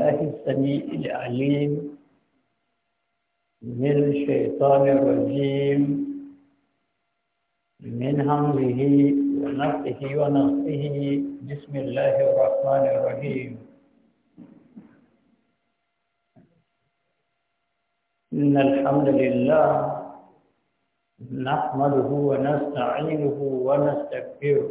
الله السميع العليم من الشيطان الرجيم من همزه ونفسه ونفسه بسم الله الرحمن الرحيم إن الحمد لله نحمده ونستعينه ونستغفره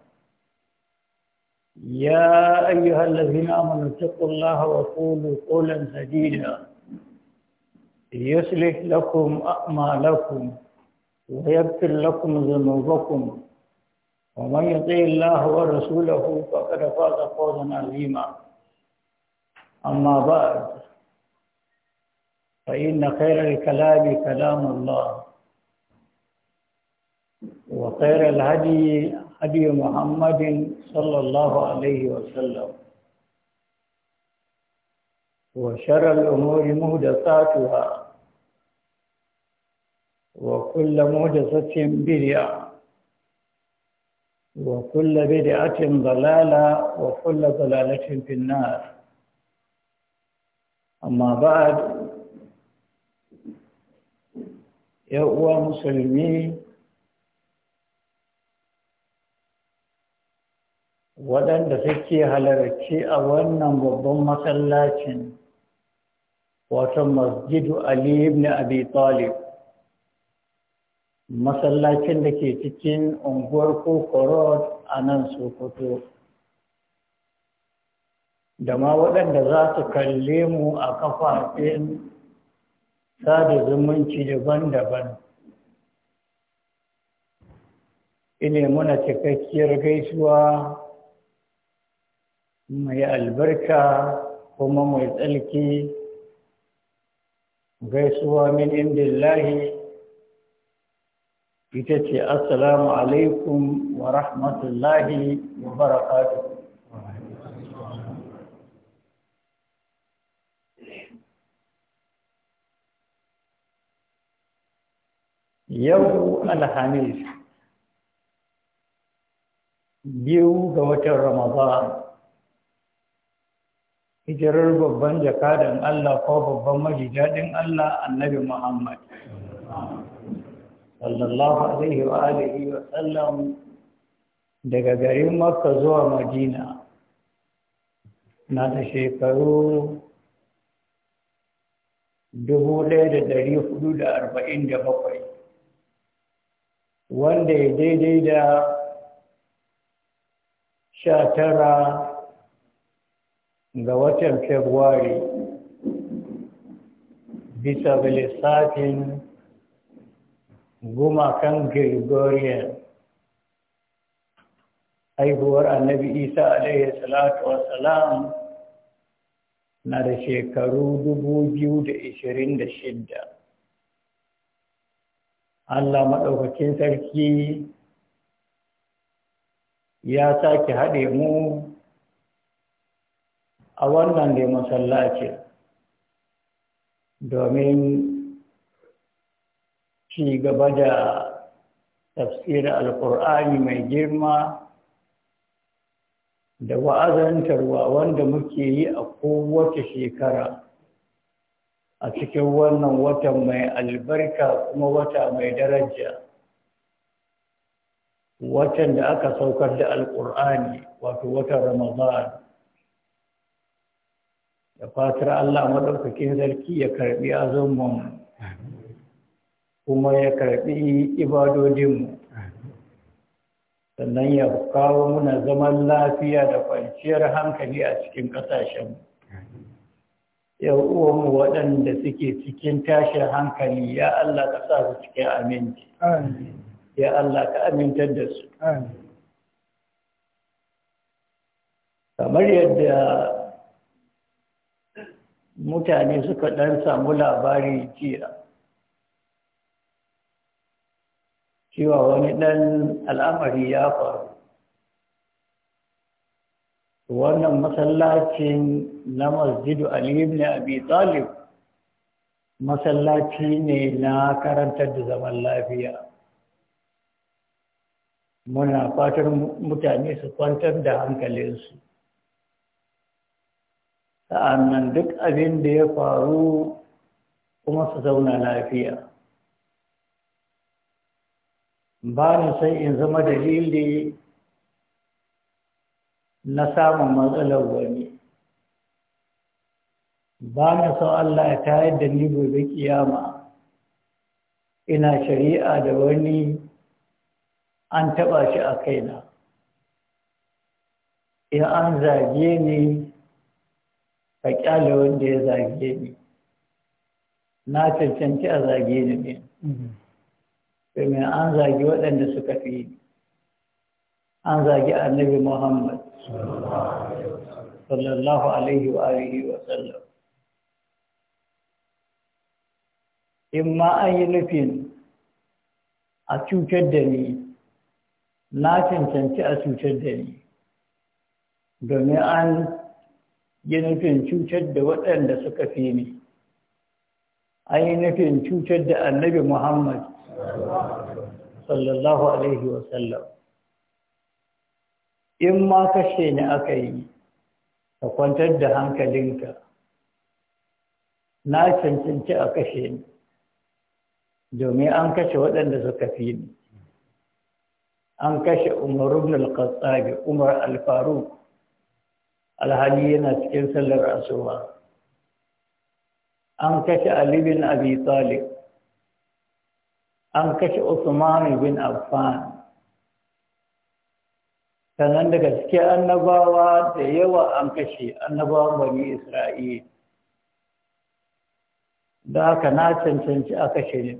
يا أيها الذين آمنوا اتقوا الله وقولوا قولا سديدا يصلح لكم أعمالكم ويغفر لكم ذنوبكم ومن يطع الله ورسوله فقد فاز فوزا عظيما أما بعد فإن خير الكلام كلام الله وخير الهدي هدي محمد صلى الله عليه وسلم وشر الأمور مهدساتها وكل مهدسة بدعة وكل بدعة ضلالة وكل ضلالة في النار أما بعد يا أخوة مسلمين waɗanda suke halarci a wannan babban masallacin wato masjidu Ali ibn Abi Talib masallacin da ke cikin unguwar Kokorot a nan Sokoto da ma waɗanda za su kalle mu a kafafen sada zumunci daban-daban ine muna cikakkiyar gaisuwa mai albarka kuma mai tsalki gaisuwa min indillahi ita ce assalamu alaikum wa rahmatullahi wa barakatuh yau alhamis biyu ga watan ramadan hijirar babban jakadan Allah ko babban majidadin Allah annabi Muhammad sallallahu alaihi wa alihi wa sallam daga garin Makka zuwa Madina na da shekaru dubu da da da ɗari arba'in hudu bakwai, wanda ya daidai da sha tara ga watan februari bisa ga lissafin gumakan gregorian haihuwar annabi isa alaihi salatu wassalam na da shekaru shidda. Allah maɗaukakin sarki ya sake haɗe mu a wannan ne masallaci domin ci gaba da tafsirin alkur'ani mai girma da wa'azantarwa wanda muke yi a kowace shekara a cikin wannan watan mai albarka kuma wata mai daraja watan da aka saukar da alkur'ani wato watan ramadan da fatar Allah maɗaukakin sarki ya karɓi mu, kuma ya karɓi ibadodinmu sannan ya kawo muna zaman lafiya da kwanciyar hankali a cikin ƙasashenmu uwanmu waɗanda suke cikin tashin hankali ya Allah ka sa su cikin aminci ya Allah ka amintar da su kamar yadda mutane suka ɗan samu labari jiya cewa wani ɗan al'amari ya faru wannan masallacin na masjidu aliyu ne abi talib masallaci ne na karantar da zaman lafiya muna fatar mutane su kwantar da hankalinsu sa'annan duk abin da ya faru kuma su zauna lafiya ba ni sai in zama dalili na samun matsalar wani ba ni sau Allah ya tayar da ni gobe kiyama ina shari'a da wani an taɓa shi a kaina in an zage ni ka kyale wanda ya zage ni na cancanci a zage ni ne domin an zagi waɗanda suka fi ni an zagi annabi muhammad sallallahu alaihi wa alihi wa sallam in ma an yi nufin a cutar da ni na cancanci a cutar da ni domin an yi nufin cutar da waɗanda suka fi ni an yi nufin cutar da annabi muhammad sallallahu alaihi wasallam in ma kashe ni aka yi ka kwantar da hankalinka na cancanci a kashe ni domin an kashe waɗanda suka fi ni an kashe umar ibn al-khattabi umar al-faruq alhali yana cikin sallar asuba an kashe ali bin abi talib an kashe usman bin affan sannan daga cikin annabawa da yawa an kashe annabawan bani isra'il da haka na cancanci a kashe ne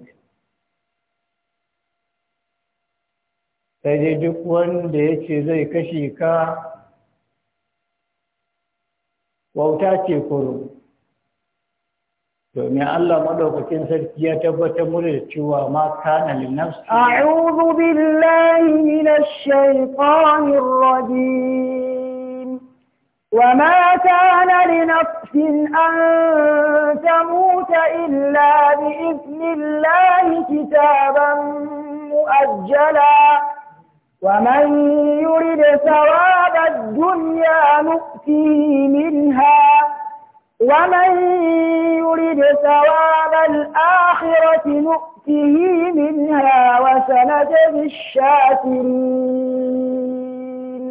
sai dai duk wanda ya ce zai kashe ka wauta ce kuro domin Allah maɗaukakin sarki ya tabbatar mu da cewa ma kana lin nafsi a'udhu billahi minash shaitanir rajim wa ma kana li nafsin an tamuta illa bi idnillahi kitaban muajjala wa man yurid thawaba ad-dunya نؤتيه منها ومن يرد ثواب الآخرة نؤته منها وسنجد الشاكرين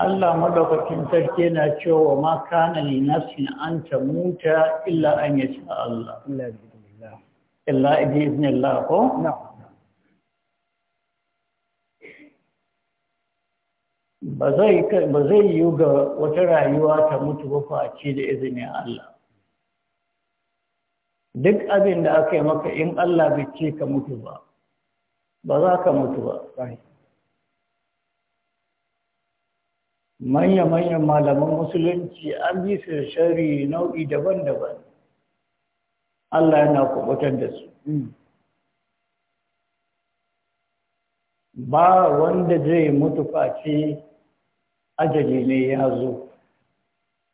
الله مدوكتين سركينا شو وما كان لنفس أن تموت إلا أن يشاء الله إلا بإذن الله إلا بإذن الله نعم ba zai yi ga wata rayuwa ta mutu ba face da izinin Allah duk abin da aka yi maka in Allah bai ce ka mutu ba ba za ka mutu ba manya-manyan malaman musulunci an bi su shari nau'i daban-daban Allah yana kubutar da su hmm. ba wanda zai mutu face أجل ne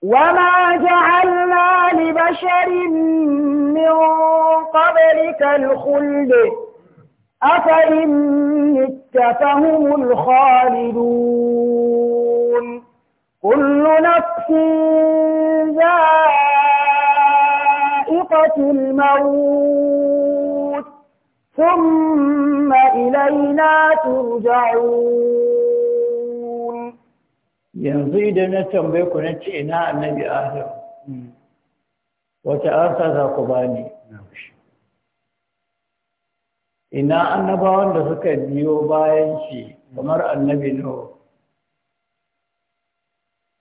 وما جعلنا لبشر من قبلك الخلد أفإن مت فهم الخالدون كل نفس ذائقة الموت ثم إلينا ترجعون yanzu idan na tambaye ku na ce ina annabi adam hmm. wata arsa za ku ni? ina annabawan da suka biyo bayan shi kamar annabi nuhu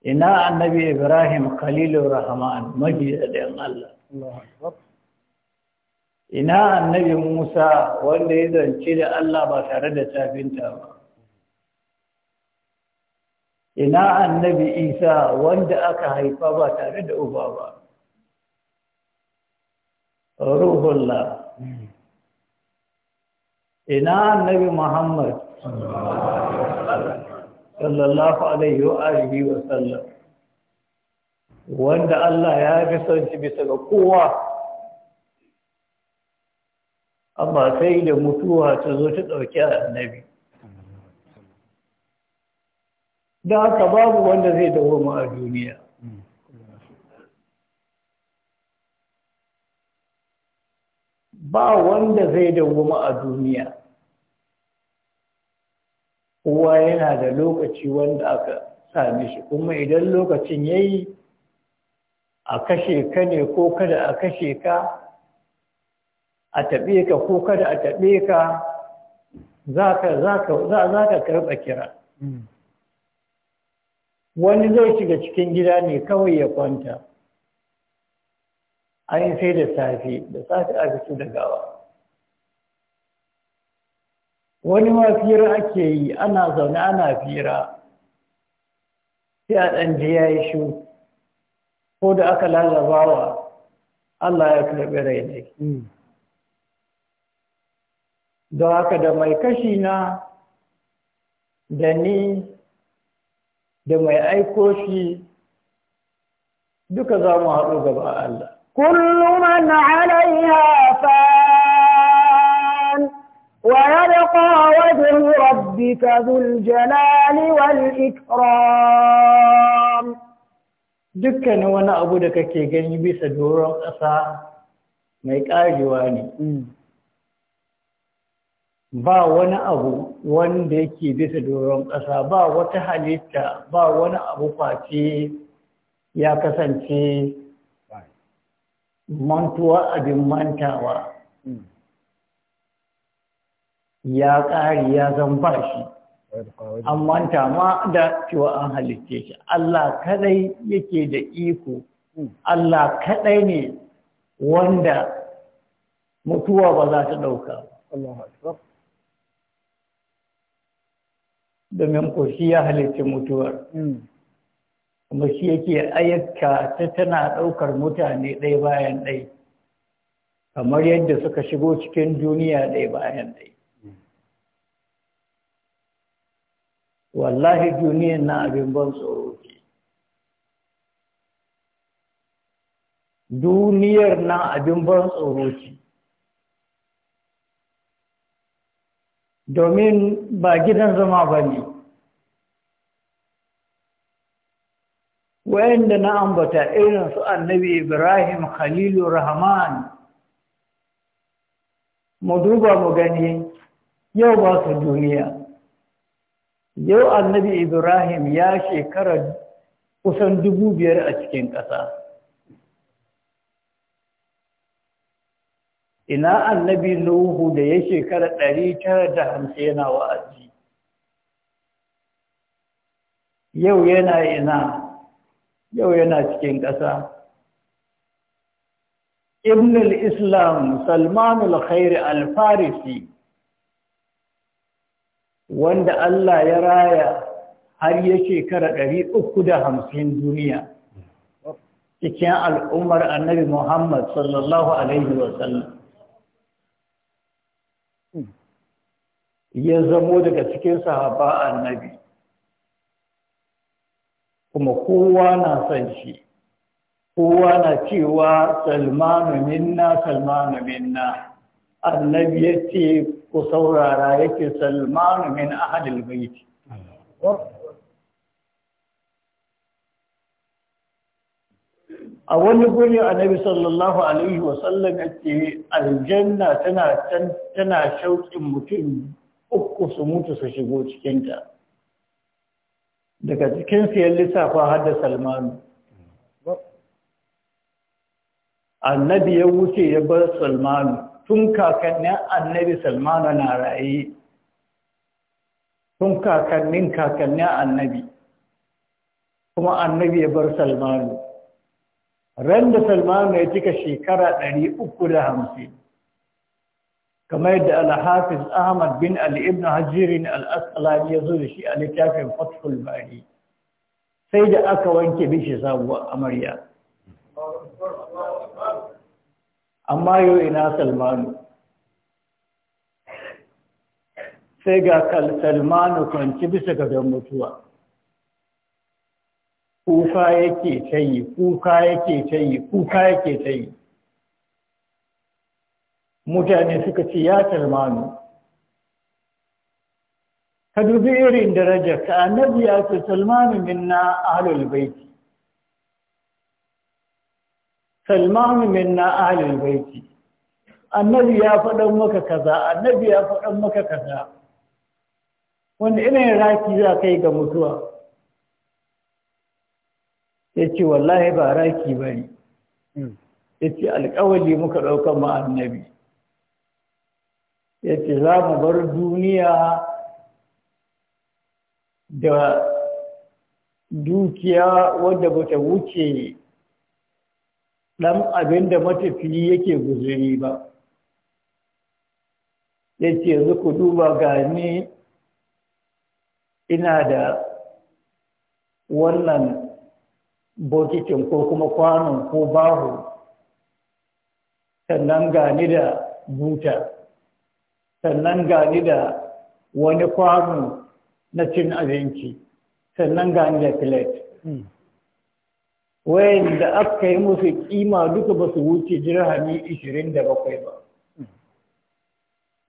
ina annabi ibrahim khalilu rahman da majidin allah ina annabi musa wanda ya zance da allah ba tare da tafinta ba ina annabi isa wanda aka haifa ba tare da uba ba ruhullah ina annabi muhammad sallallahu alaihi wa alihi wa sallam wanda Allah ya fi son shi bisa ga kowa amma sai da mutuwa ta zo ta ɗauki annabi da haka babu wanda zai dawoma a duniya ba wanda zai dawoma a duniya kowa yana da lokaci wanda aka same shi kuma idan lokacin ya yi a kashe ka ne ko kada a kashe ka a taɓe ka ko kada a taɓe ka za ka karɓa kira mm. wani zai shiga cikin gida ne kawai ya kwanta an sai da safe da safe a fito da gawa wani ma fira ake yi ana zaune ana fira sai a ɗan ji ya yi shu ko da aka lalabawa Allah ya karɓi rai ne hmm. don haka da mai kashi na da ni da mai aiko shi duka za mu haɗu gaba Allah kullu man 'alayha fan wa yabqa wajhu rabbika dhul jalali wal ikram dukkanin wani abu da kake gani bisa doron ƙasa mai ƙarewa ne mm. ba wani abu wanda yake bisa doron ƙasa ba wata halitta ba wani abu face ya kasance mantuwa abin mantawa ya ƙari ya zan ba shi an manta ma da cewa an halitta shi Allah kadai yake da iko Allah kadai ne wanda mutuwa ba za ta ɗauka ba domin ko shi ya halitta mutuwar hmm. kuma shi yake ayyaka ta tana ɗaukar mutane ɗaya bayan ɗai kamar yadda suka shigo cikin duniya ɗaya bayan ɗai wallahi duniyan na abin ban tsoro ke. duniyar na abin ban tsoro ke domin ba gidan zama ba ne wayanda na ambata irin su annabi ibrahim khalilu rahman mu duba mu gani yau ba su duniya yau annabi ibrahim ya shekara kusan dubu biyar a cikin ƙasa ina annabi nuhu da ya shekara ɗari tara da hamsin yana wa'azi yau yana ina yau yana cikin ƙasa ibn al-islam salman al-khair al-farisi wanda Allah ya raya har ya shekara 350 duniya cikin al'ummar annabi Muhammad sallallahu alaihi wasallam ya zamo daga cikin sahaba annabi kuma kowa na san shi kowa na cewa salmanu minna salmanu minna annabi ya ce ku saurara yake salmanu min ahadil baiti a wani guri annabi sallallahu alaihi wasallam ya ce aljanna tana shauƙin mutum uku su mutu su shigo cikinta daga cikin ya lissafa har da salmanu annabi ya wuce ya bar salmanu tun kakannin annabi salmanu na raye tun kakannin kakannin annabi kuma annabi ya bar salmanu ran da salmanu ya cika shekara 350 kamar yadda alhafiz ahmad bin ali ibn hajirin al-asqalani ya zo da shi a littafin fathul bari sai da aka wanke bishi sabuwar amarya amma yau ina salmanu sai ga salmanu kwanci bisa ga don mutuwa kuka yake ta yi kuka yake ta yi kuka yake ta yi mutane suka ce ya talmanu. ka dubi irin darajar ka annabi ya ce talmanu minna ahlul baiti talmanu minna ahlul baiti annabi ya faɗan maka kaza annabi ya faɗan maka kaza wanda irin raki za ka yi ga mutuwa ya ce wallahi ba raki ba ne hmm. ya ce alƙawali muka ɗaukan ma annabi yace za mu bar duniya da dukiya wadda ta wuce ɗan abin da matafiyi yake guzuri ba yace yanzu ku duba gani ina da wannan bokitin ko kuma kwanon ko bahu sannan gani da buta sannan gani da wani kwano na cin abinci sannan gani da plate hmm. wayan da aka yi musu kima duka ba su wuce da 27 ba hmm.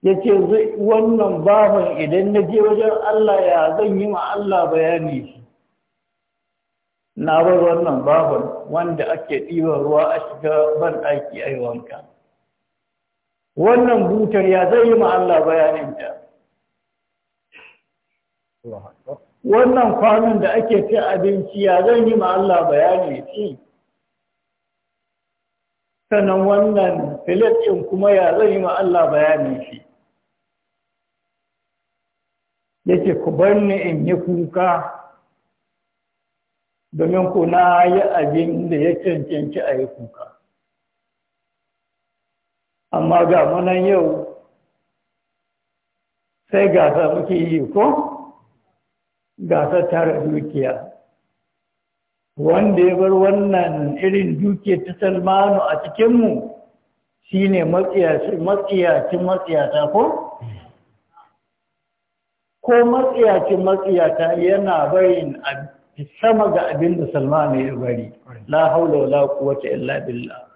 ya ce wannan baban idan na je wajen Allah ya zan yi ma Allah bayani shi na bar wannan baban wanda ake ɗiban ruwa a shiga ban ɗaki a yi wanka wannan butar ya zai yi ma Allah bayanin wannan kwanon da ake fi abinci ya zai yi ma Allah bayani ci sannan wannan filet kuma ya zai yi ma Allah bayani shi yake ku barni ni in yi kuka domin ku na yi abin da ya cancanci a yi kuka amma ga manan yau sai gasa muke yi ko gasa tara dukiya wanda ya bar wannan irin dukiya ta salmanu a cikinmu shi ne matsiyacin matsiyata ko? ko matsiyacin matsiyata yana bayin sama ga abin da salmanu ya bari la haula la quwwata illa billah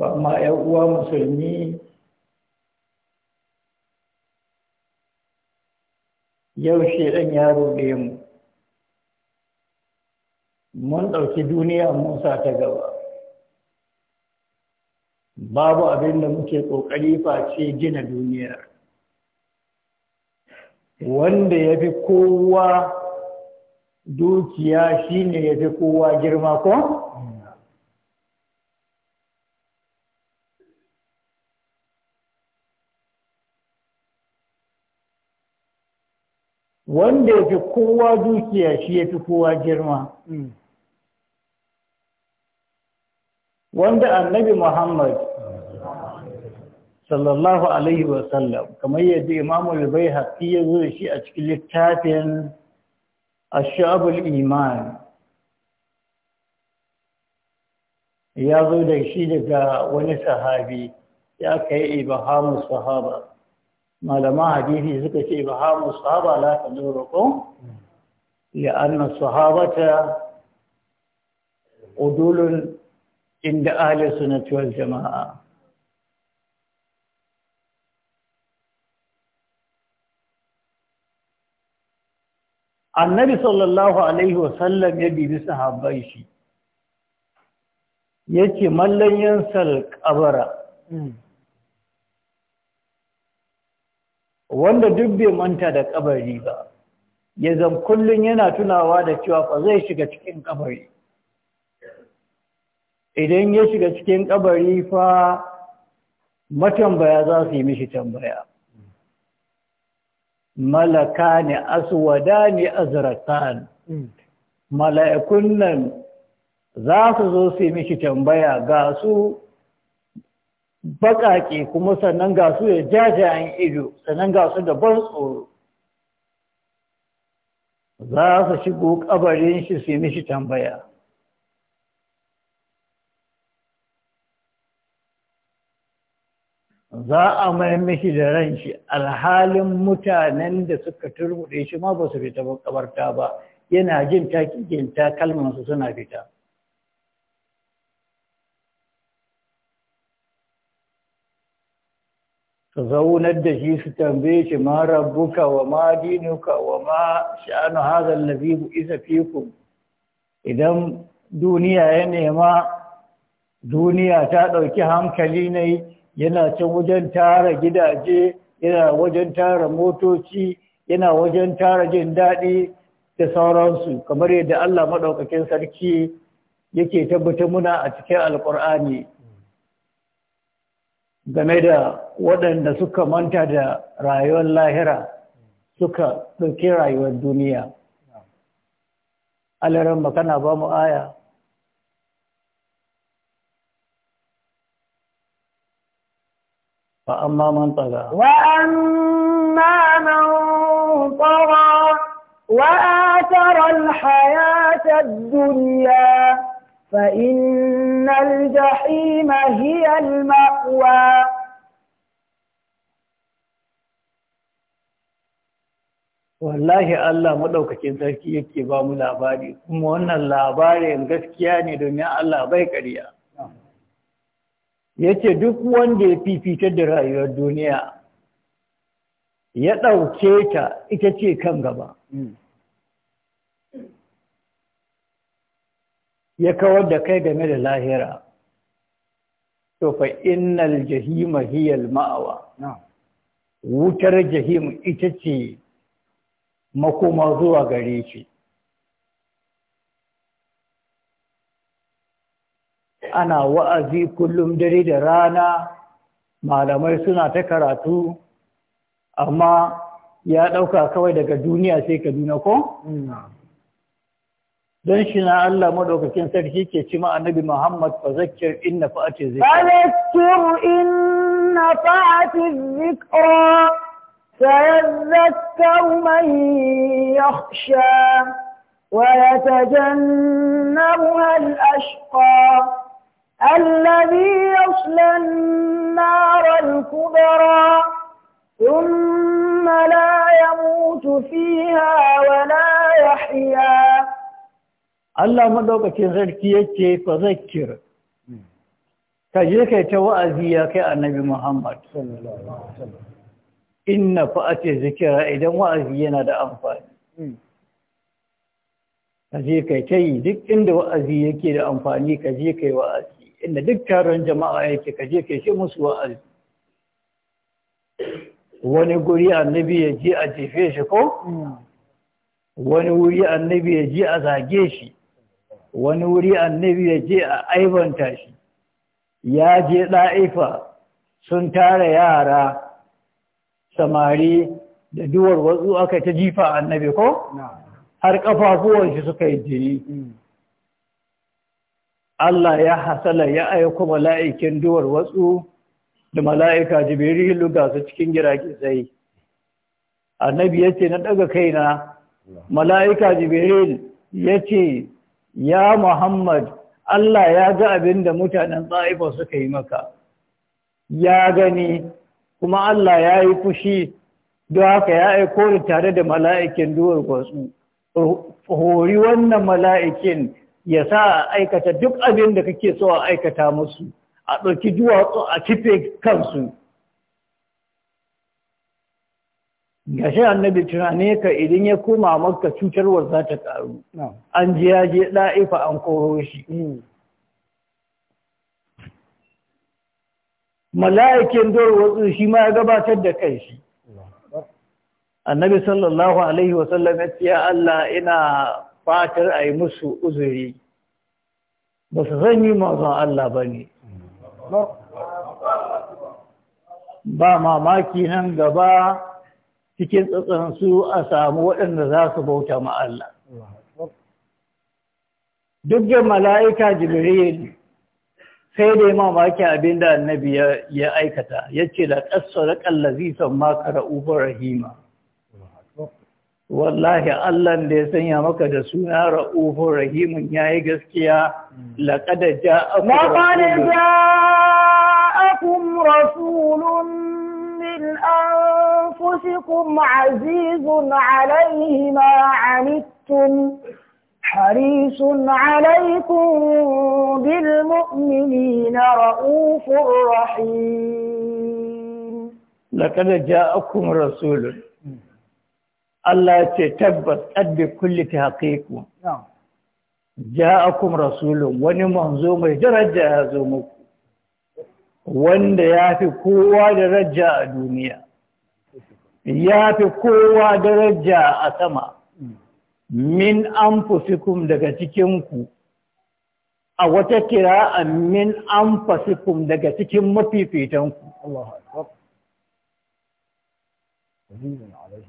Wa ma uwa musulmi yau shi ɗan yaro da mu mun ɗauki duniya musa ta gaba babu abin da muke ƙoƙari face gina duniyar wanda ya fi kowa dukiya shine ya fi kowa girma ko? wanda ya fi kowa dukiya shi ya fi kowa girma mm. wanda annabi muhammad sallallahu alaihi wasallam kamar yadda imamul bai haƙi ya zo shi a cikin littafin ashabul iman ya zo da shi daga wani sahabi ya kai ibahamu sahaba malaman Hadithi suka ce ba hamu sahaba la ta zuru ko li'anna sahabata udulun inda ahli sunnati wal jama'a annabi sallallahu alaihi wasallam ya bibi sahabbai shi yace mallan yansal qabara hmm. wanda duk bai manta da kabari ba ya zan kullum yana tunawa da cewa fa zai shiga cikin kabari idan ya shiga cikin kabari fa matambaya za su yi mishi tambaya malaka ne aswada ne azratan mala'ikun nan za su zo su yi mishi tambaya ga su baƙaƙe kuma sannan ga su da jajayen ido sannan ga su da ban tsoro za su shigo ƙabarin shi su yi mishi tambaya za a mai mishi da ran shi alhalin mutanen da suka turbuɗe shi ma ba su fita ba ba yana jin takikin takalmansu suna fita. zaunar da shi su tambaye shi ma rabbuka wa ma dinuka wa ma sha'anu hadha allazi isa fikum idan duniya ya nema duniya ta dauki hankali ne yana can wajen tara gidaje yana wajen tara motoci yana wajen tara jin dadi da sauransu kamar yadda Allah maɗaukakin sarki yake tabbatar muna a cikin alƙur'ani game da waɗanda suka manta da rayuwar lahira suka ɗauki rayuwar duniya alaran makana ba mu aya وأما من طغى وأما من طغى وآثر الحياة duniya. فإن الجحيم هي المأوى wallahi Allah maɗaukacin sarki yake ba mu labari kuma wannan labarin gaskiya ne domin Allah bai ƙarya yace duk wanda ya fifita da rayuwar duniya ya ɗauke ta ita ce kan gaba ya kawar da kai game da lahira to fa innal jahima hiyal ma'awa wutar jahim ita ce makoma zuwa gare shi ana wa'azi kullum dare da rana malamai suna ta karatu amma ya ɗauka kawai daga duniya sai kaduna ko? Mm, don shi na Allah madaukakin sarki ke ci annabi Muhammad fa zakkir inna fa'ati zikra fa zakkir inna fa'ati zikra sayadhakkaru man yakhsha wa yatajannabuha al-ashqa alladhi yasla an-nar al-kubra ثم لا يموت فيها ولا يحيا Allah madaukakin sarki yake fa zakir ka je kai ta wa'azi ya kai annabi Muhammad inna fa'ati zikira idan wa'azi yana da amfani ka je kai kai duk inda wa'azi yake da amfani ka je kai wa'azi inda duk taron jama'a yake ka je kai shi musu wa'azi wani guri annabi ya je a jefe shi ko hmm. wani wuri annabi ya je a zage shi wani wuri annabi ya je a aibanta shi ya je ɗa'ifa sun tara yara samari da duwar watsu aka ta jifa annabi ko? har ƙafafuwan shi suka yi jini Allah ya hasala ya aiko mala'ikin duwar watsu da mala'ika jibirilu ga su cikin girage tsaye annabi ya ce na ɗaga kaina mala'ika jibiril ya ce ya Muhammad Allah ya ga abin da mutanen Tsa'ifa suka yi maka ya gani kuma Allah ya yi fushi don haka ya aiko ni tare da mala'ikin duwar gwasu, hori wannan mala'ikin ya sa a aikata duk abin da kake so a aikata musu a ɗauki duwatsu a kife kansu gashi annabi tunane ka idan ya koma makka cutarwar za ta karu an ji ya je ɗa'ifa an koro shi hmm. mala'ikin dole wasu shi ma ya gabatar da kai shi annabi sallallahu alaihi wasallam ya ce Allah ina fatar a yi musu uzuri ba su zan yi mazan Allah ba ne hmm. ba mamaki nan gaba cikin tsatsansu a samu waɗanda za su bauta ma Duk da mala'ika Jibril sai dai mamaki abin da annabi ya aikata, ya ce da ƙasar ƙallazi son maka ra'ufar rahima. Wallahi Allah da ya sanya maka da suna ra'ufar rahimun ya yi gaskiya Ma ba da ja'akun rasulun من أنفسكم عزيز عليه ما عنتم حريص عليكم بالمؤمنين رؤوف رحيم لقد جاءكم رسول Allah ce tabbas ɗabbe kulli ta haƙiƙu. Ja akum rasulun wani manzo mai daraja ya zo muku. wanda ya fi kowa daraja a duniya ya fi kowa daraja a sama min an fusikun daga cikinku a wata kira a min an fusikun daga cikin mafifitanku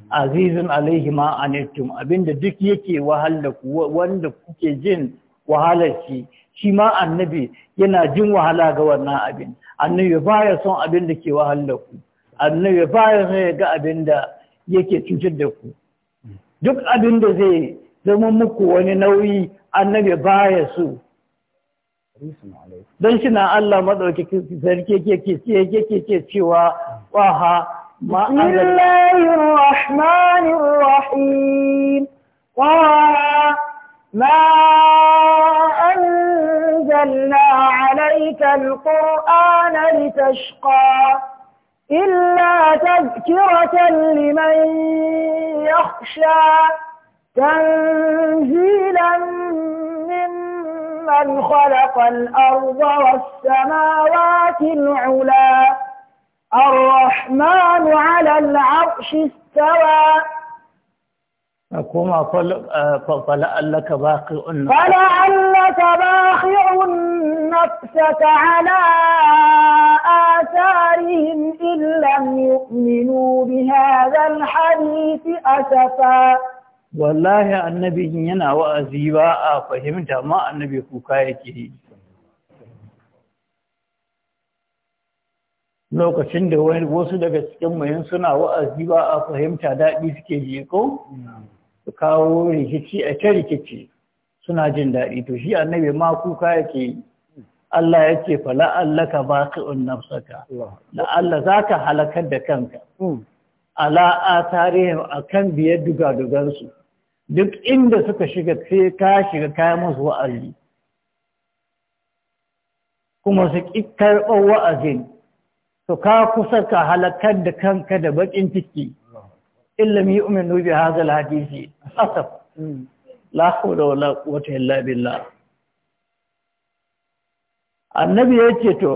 azizun alaihi ma'anittum abinda duk yake wahala wanda kuke jin wahalar shi shi ma annabi yana jin wahala ga wannan abin annabi baya son abin da ke wahal da ku annabi baya son ga abin da yake cutar da ku duk abin da zai zama muku wani nauyi annabi baya so don shi na Allah maɗauki sarki yake ke cewa waha ma'anar rahmanir rahim ma أنزلنا عليك القرآن لتشقى إلا تذكرة لمن يخشى تنزيلا ممن خلق الأرض والسماوات العلا الرحمن على العرش استوى kuma fafala Allah ka ba ka unna. Fala ka ba ka unna ta ta ala a tarihin illan minu bi hadal hadisi a safa. Wallahi annabi yana wa'azi ba a fahimta ma annabi kuka yake yi. Lokacin da wasu daga cikin mayin suna wa'azi a fahimta daɗi suke jeko? su kawo rikici a ta rikici suna jin daɗi to shi annabi ma kuka yake Allah ya ce fa la'allaka un nafsaka la'alla ka halakar da kanka hmm. ala a akan biyar dugadugansu. duk inda suka shiga sai ka shiga kayan musu wa'azi kuma su ƙi karɓar wa'azin to ka kusa ka halakar da kanka da baƙin ciki Illa yu'minu bi hadha al-hadisi asaf la hawla wala quwwata illa billah annabi yace to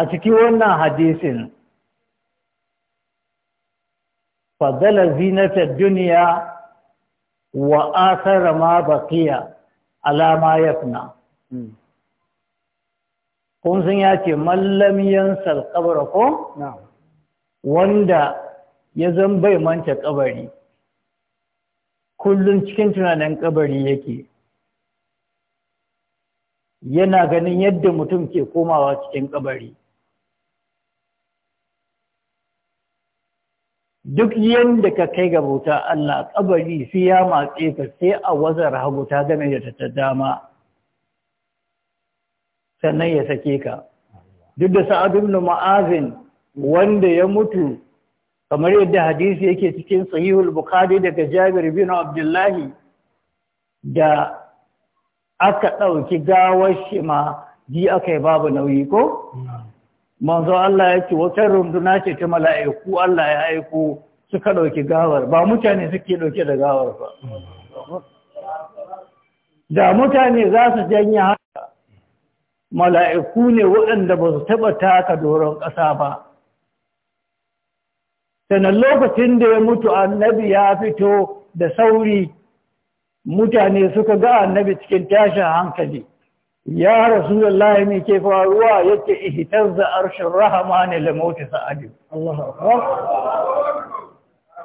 a cikin wannan hadisin fadala zinata duniya wa asara ma baqiya alama yafna hmm. kun sun ya ce mallamiyan alƙabar ko? wanda ya zan bai manta ƙabari, kullum cikin tunanin kabari yake yana ganin yadda mutum ke komawa cikin ƙabari. duk yadda ka kai ga bauta Allah ƙabari sai ya matse ka sai a wazar hagu ta game da ta dama sannan ya sake ka duk da sa'ad ibn mu'azin wanda ya mutu kamar yadda hadisi yake cikin sahihul bukhari daga jabir bin abdullahi da aka ɗauki gawar shi ma ji aka yi babu nauyi ko manzo Allah ya ce wata runduna ce ta mala'iku Allah ya aiko suka ɗauki gawar ba mutane suke ɗauke da gawar ba da mutane za su janye haka mala'iku ne waɗanda ba su taɓa taka doron ƙasa ba sannan lokacin da ya mutu annabi ya fito da sauri mutane suka ga annabi cikin tashin hankali ya rasu da lahimi ke faruwa yake ihitar da arshin rahama ne da mota sa'adu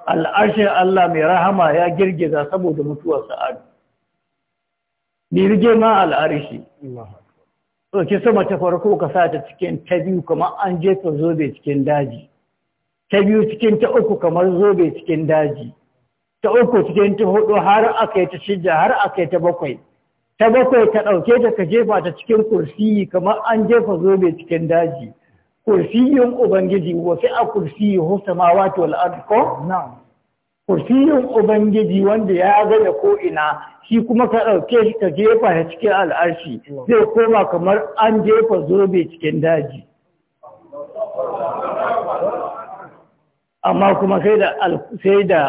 al'arshin Allah mai rahama ya girgiza saboda mutuwar sa'adu birge ma al'arshi ɗauki sama ta farko ka sa ta cikin ta biyu kamar an jefa zobe cikin daji ta biyu cikin ta uku kamar zobe cikin daji ta uku cikin ta hudu har aka yi ta shida har aka yi ta bakwai ta bakwai ka ɗauke ta ka jefa ta cikin kursiyi kamar an jefa zobe cikin daji kursiyin ubangiji wasu a kursiyi husamawati wal al'adu ko kursiyin ubangiji wanda ya gane ko ina shi kuma ka ɗauke shi ka jefa ya cikin al'arshi zai koma kamar an jefa zobe cikin daji amma kuma sai da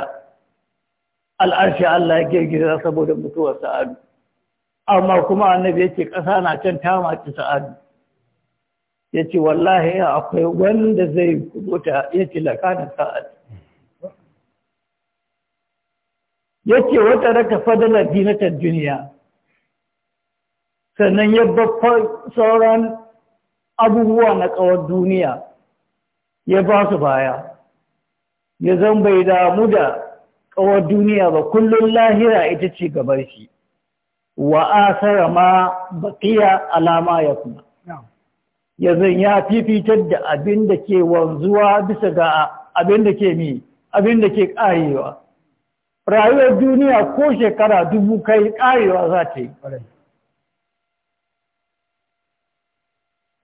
al'arshi Allah ya girgiza saboda mutuwar sa'adu amma kuma annabi yake ƙasa na can ta ta sa'adu ya ce wallahi akwai wanda zai kubuta ya ce lakanin sa'adu yake wata raka fadalar dinatar duniya sannan ya babbar sauran abubuwa na kawar duniya ya ba su baya ya zan bai damu da kawar duniya ba kullum lahira ita ce gabar shi wa ma baƙiya alama ya kuma ya zan ya fifitar da abin da ke wanzuwa bisa ga abin da ke mi abin da ke ƙayewa rayuwar duniya ko shekara dubu kai karewa za ta yi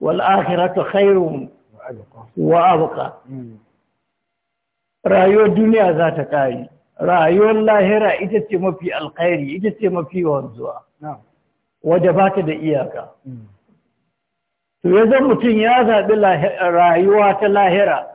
Wal'ahira ta khairun wa abuka hmm. rayuwar duniya za ta kare rayuwar lahira ita ce mafi alkhairi ita ce mafi wanzuwa wadda ba ta da iyaka hmm. to ya zan mutum ya zaɓi rayuwa ta lahira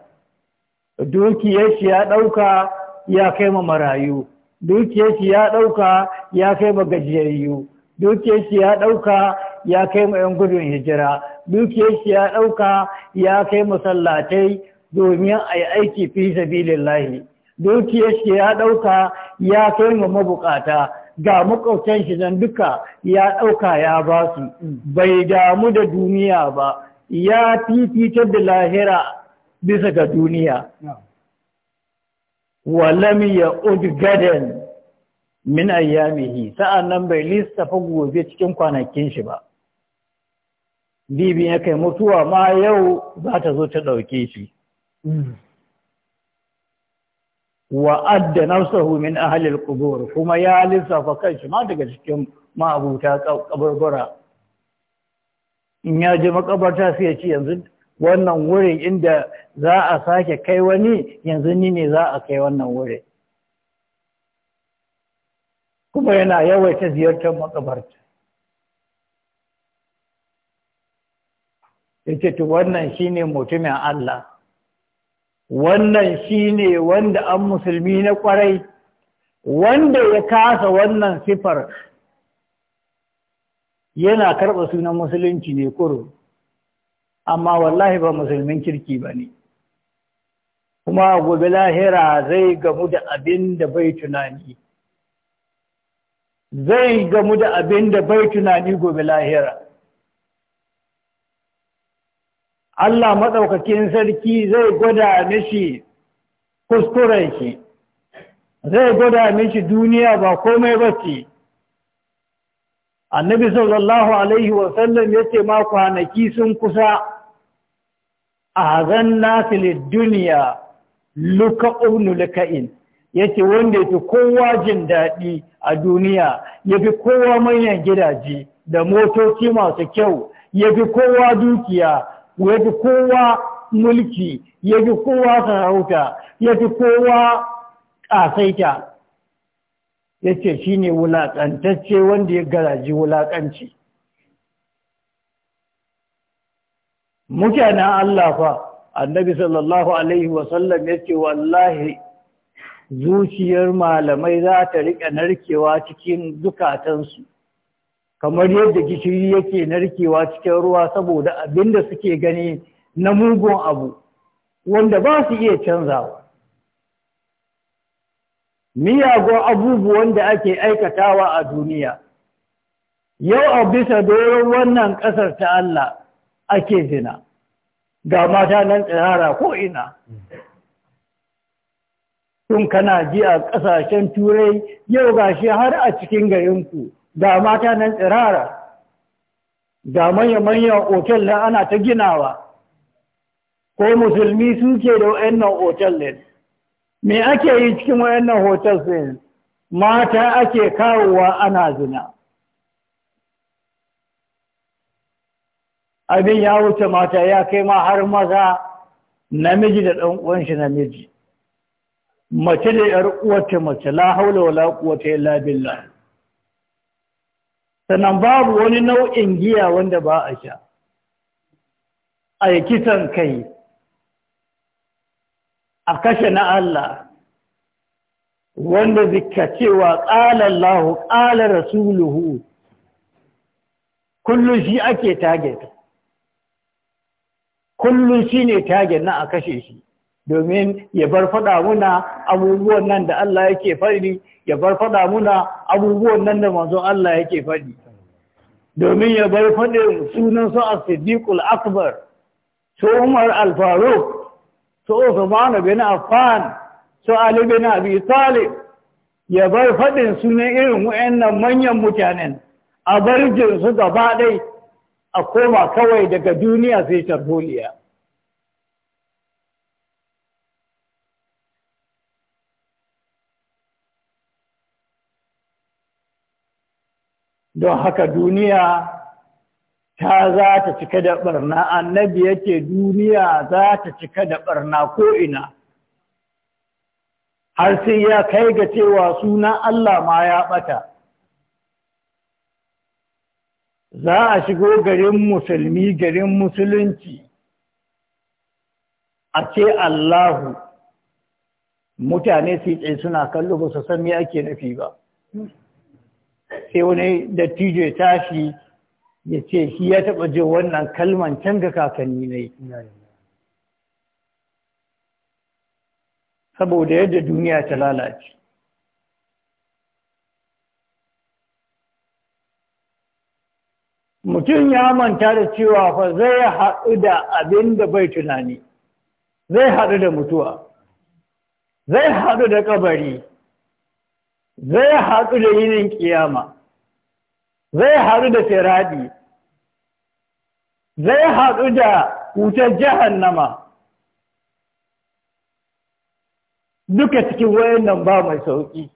dokiyar shi ya ɗauka ya kai ma marayu dukiyar ya ɗauka ya kai ma gajiyayyu dukiyar ya ɗauka ya kai ma 'yan gudun hijira dukiyar ya ɗauka ya kai masallatai domin a yi aiki fi sabilillahi shi ya ɗauka ya kai ma mabukata ga makwabtan shi nan duka ya ɗauka ya ba su bai damu da duniya ba ya fifitar da lahira bisa ga duniya wa lam ud gadan min ayyamihi nan bai lissafa gobe cikin kwanakin shi ba bibi ya kai mutuwa ma yau za ta zo ta ɗauke shi wa adda nafsahu min ahli al kuma ya lissafa kanshi ma daga cikin ma'abuta kaburbura in ya je makabarta sai ya ce yanzu wannan wurin inda za a sake kai wani yanzu ni ne za a kai wannan wurin kuma yana yawaita ziyartar makabarta ce to wannan shine mutumin Allah wannan shine wanda an musulmi na kwarai wanda ya kasa wannan sifar yana karɓa sunan musulunci ne kuro amma wallahi ba musulmin kirki ba ne kuma gobe lahira zai gamu da abin da bai tunani zai gamu da abin da bai tunani gobe lahira Allah maɗaukakin sarki zai gwada mishi kuskuren shi zai gwada mishi duniya ba komai ba ce annabi sallallahu alaihi wasallam ya ce ma kwanaki sun kusa azan nasu duniya luka ibn luka'in ce wanda ya fi kowa jin daɗi a duniya ya fi kowa manyan gidaje da motoci masu kyau ya fi kowa dukiya ya fi kowa mulki ya fi kowa sarauta ya fi kowa ƙasaita yace shine wulaƙantacce wanda ya garaji wulaƙanci mutanen Allah fa annabi sallallahu alaihi wasallam ya ce wallahi zuciyar malamai za ta riƙa narkewa cikin zukatansu kamar yadda gishiri yake narkewa cikin ruwa saboda abinda suke gani na mugun abu wanda ba su iya canzawa miyagun abubuwan da ake aikatawa a duniya yau a bisa doron wannan ƙasar ta Allah ake zina ga mata nan tsirara ko ina tun kana ji a ƙasashen turai yau ga shi har a cikin garinku ga mata nan tsirara ga manya-manyan otel na ana ta ginawa ko musulmi suke da wayannan otel ne. me ake yi cikin wa'annan hotel sai mata ake kawowa ana zina abin ya wuce mata ya kai ma har maza namiji da ɗan uwan namiji mace da ‘yar uwarta mace la haula wala quwwata illa billah sannan babu wani nau'in giya wanda ba a sha a yi kai a kashe na Allah wanda zika cewa ƙala Allah ƙala rasuluhu kullum shi ake tageta kullum shi ne tagen na a kashe shi domin ya bar faɗa muna abubuwan nan da Allah yake faɗi ya bar faɗa muna abubuwan nan da manzo Allah yake faɗi domin ya bar faɗin sunan su as-siddiqul akbar su Umar al-Faruq su Uthman bin Affan su Ali bin Abi Talib ya bar faɗin sunan irin wayannan manyan mutanen a bar jinsu gaba a koma kawai daga duniya sai tarholiya don haka duniya ta za ta cika da ɓarna, annabi yake duniya za ta cika da barna ko'ina har sai ya kai ga cewa suna Allah ma ya ɓata za a shigo garin musulmi garin musulunci a ce Allahu mutane su yi suna kallo ba su san me ake nufi ba sai wani dattijo ya tashi ya ce shi ya taɓa jin wannan kalman can ga kakanni ne saboda yadda duniya ta lalace mutum ya manta da cewa fa zai haɗu da abin da bai tunani zai haɗu da mutuwa zai haɗu da ƙabari. zai haɗu da yinin ƙiyama. zai haɗu da firadi zai haɗu da wutar jahannama duka cikin wayan nan ba mai sauƙi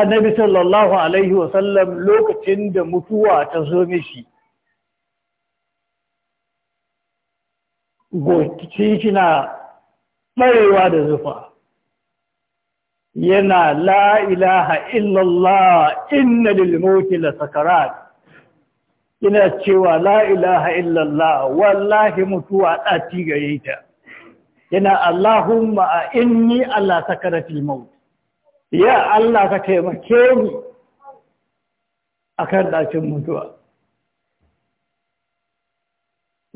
annabi sallallahu alaihi wasallam lokacin da mutuwa ta zo mishi goci kina ɓarewa da zufa yana la ilaha illallah inna lilmoti la ina cewa la ilaha illallah wallahi mutuwa ɗaci gare ta yana allahumma a inni allah sakaratil maut ya Allah ka taimake mu akan ɗakin mutuwa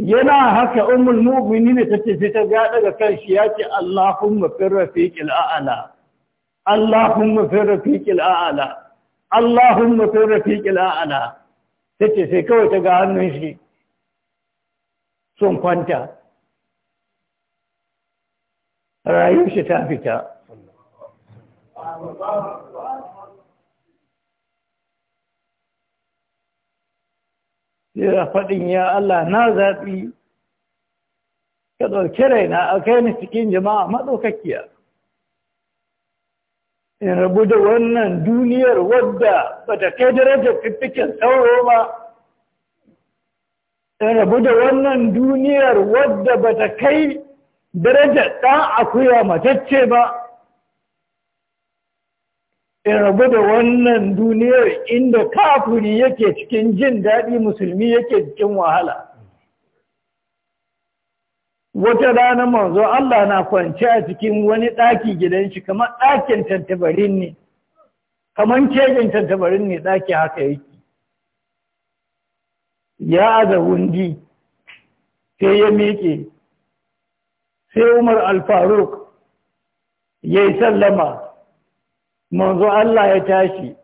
yana haka umul mu'mini ne tace sai ta ga daga kanshi yace Allahumma fir rafiqil a'la Allahumma fir rafiqil a'la Allahumma fir rafiqil a'la tace sai kawai ta ga hannun shi sun kwanta rayuwar shi ta fita Yana faɗin ya Allah na zaɓi, ka ɗauki raina a kai ni cikin jama'a maɗaukakiya. In rabu da wannan duniyar wadda ba ta kai darajar fiffiken sauro ba, in rabu da wannan duniyar wadda ba ta kai darajar ɗan akuya matacce ba, in rabu da wannan duniyar inda kafuri yake cikin jin daɗi musulmi yake cikin wahala wata rana manzo Allah na kwance a cikin wani ɗaki gidan shi kamar ɗakin tantabarin ne kamar kejin tantabarin ne ɗaki haka yake ya aza wundi sai ya miƙe sai umar alfaruk ya yi sallama manzo Allah ya tashi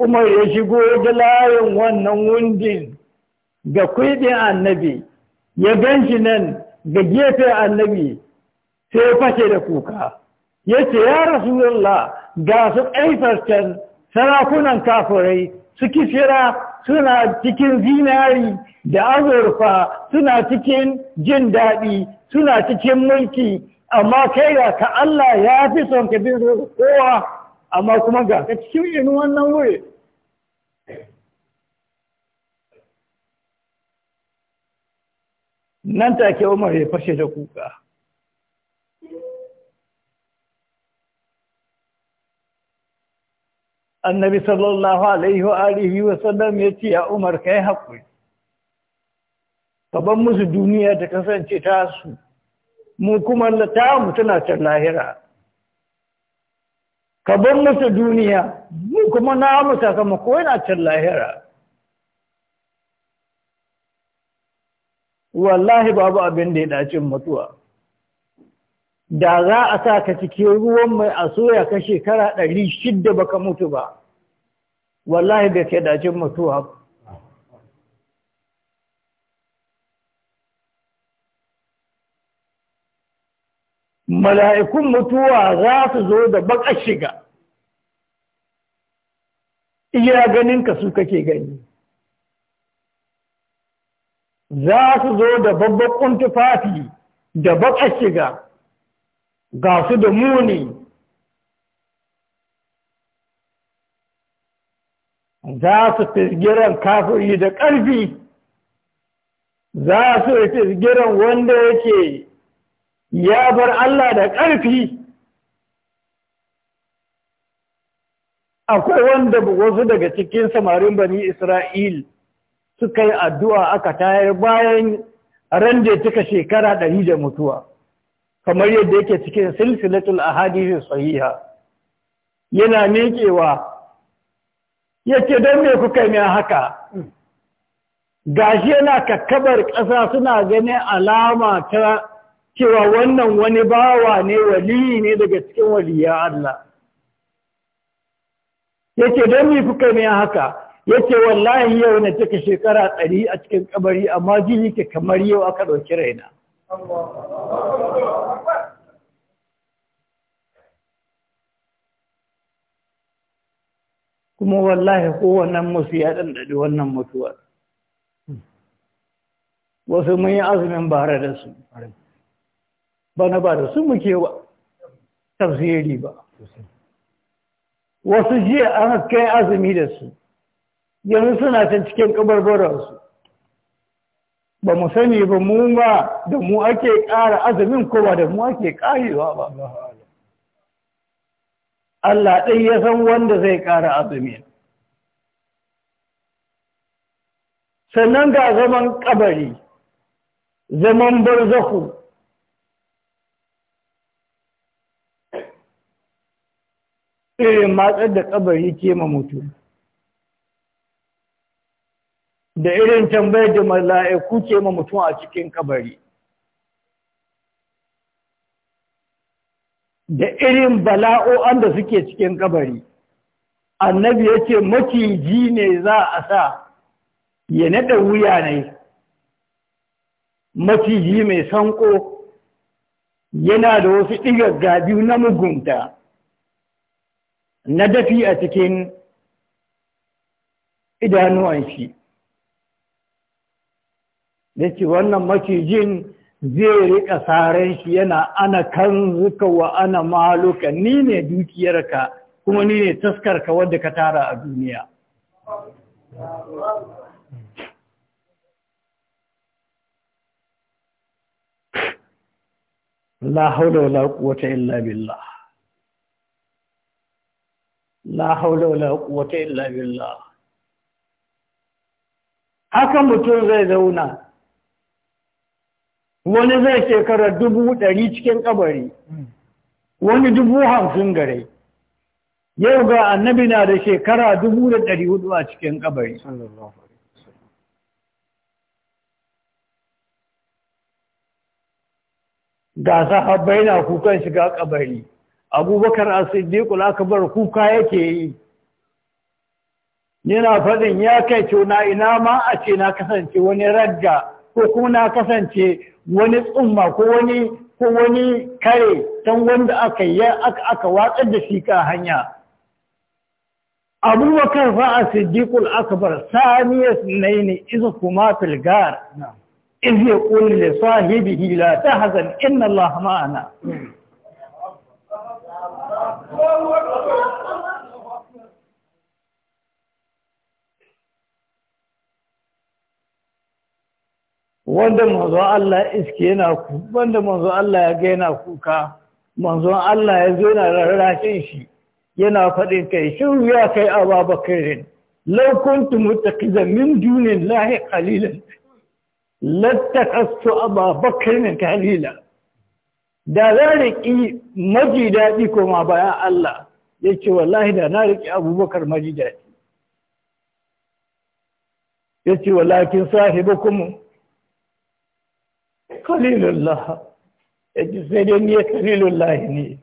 Umar ya shigo da layin wannan wundin ga kuɗin annabi ya gan shi nan ga gefen annabi sai ya fashe da kuka ya ce ya rasulallah ga su ƙaifarcen sarakunan kafirai su kisira suna cikin zinari da azurfa suna cikin jin daɗi suna cikin mulki amma kai ga ka Allah ya fi son ka bin kowa amma kuma ga ka cikin irin wannan wuri nan take Umar ya fashe da kuka annabi sallallahu alaihi wa alihi wa sallam ya ce ya Umar kai haƙuri kaban musu duniya ta kasance tasu su mu kuma ta mu tana can lahira ka bar masa duniya mu kuma na mu sakamako yana can lahira wallahi babu abin da ya dace mutuwa da za a sa ka cikin ruwan mai a soya ka shekara ɗari shidda baka mutu ba wallahi da ke dace mutuwa mala'ikun mutuwa za su zo da baƙar shiga iya ganinka su kake gani za su zo da babbar tufafi da baƙar shiga ga su da muni za su firgiran kafiri da ƙarfi za su firgiran wanda yake ya bar Allah da ƙarfi akwai wanda wasu daga cikin samarin bani Isra'il suka yi addu'a aka tayar bayan ran da cika shekara ɗari da mutuwa kamar yadda yake cikin silsilatul hadirin sahiha yana miƙewa yake don me kuka yi haka gashi yana kakkabar ƙasa suna ganin alama ta cewa wannan wani bawa ne waliyi ne daga cikin waliya Allah yake don yi kuka ne haka yake wallahi yau na cika shekara ɗari a cikin kabari amma jini ke kamar yau aka ɗauki raina kuma wallahi wannan musu ya ɗanɗaɗi wannan mutuwar wasu mun yi azumin bara da su bana ba da su muke wa tafsiri ba wasu jiya an kai azumi da su yanzu suna can cikin su ba mu sani ba mu ma da mu ake ƙara azumin ko ba da mu ake ƙarewa ba Allah ɗai ya san wanda zai ƙara azumi sannan ga zaman ƙabari zaman barzahu irin eh, matsar da kabari ke ma mutu, da irin tambayar da mala'iku ke ma mutu a cikin kabari da irin bala'o'an da suke cikin kabari annabi ya ce maciji ne za a sa ya naɗa wuya ne maciji mai sanko yana da wasu ɗigagga na mugunta na dafi a cikin idanuwan shi da ce wannan macijin zai riƙa saren shi yana ana kan zuka wa ana maluka ni ne dukiyarka kuma ni ne taskarka wadda ka tara a duniya Allah haula wala quwwata illa billah la haula wala quwwata illa billah haka mutum zai zauna wani zai shekara dubu ɗari cikin kabari wani dubu hamsin gare yau ga annabi na da shekara dubu da ɗari hudu a cikin kabari ga sahabbai na kukan shiga kabari abubakar asiddiqul akbar kuka yake yi yana faɗin ya kai na ina ma a ce na kasance wani ragga ko kuma na kasance wani tsumma ko wani ko wani kare tan wanda aka yi aka watsar da shi ka hanya abubakar fa a akbar saniyas naini iza kuma filgar iz yaqul li sahibihi la tahzan inna allaha ma'ana hmm. wanda manzon Allah iske yana ku wanda manzon Allah ya ga yana kuka manzo Allah ya zo yana rarrashin shi yana faɗin kai 'Shin ya kai ababakarin law kuntum muttaqizan min dunillahi qalilan lattakastu ababakarin qalila da za riƙi maji daɗi koma bayan Allah ya ce wallahi da na riƙi abubakar maji daɗi ya ce wallakin sahiba kuma kalilullah ya ce sai dai ni ya kalilullah ne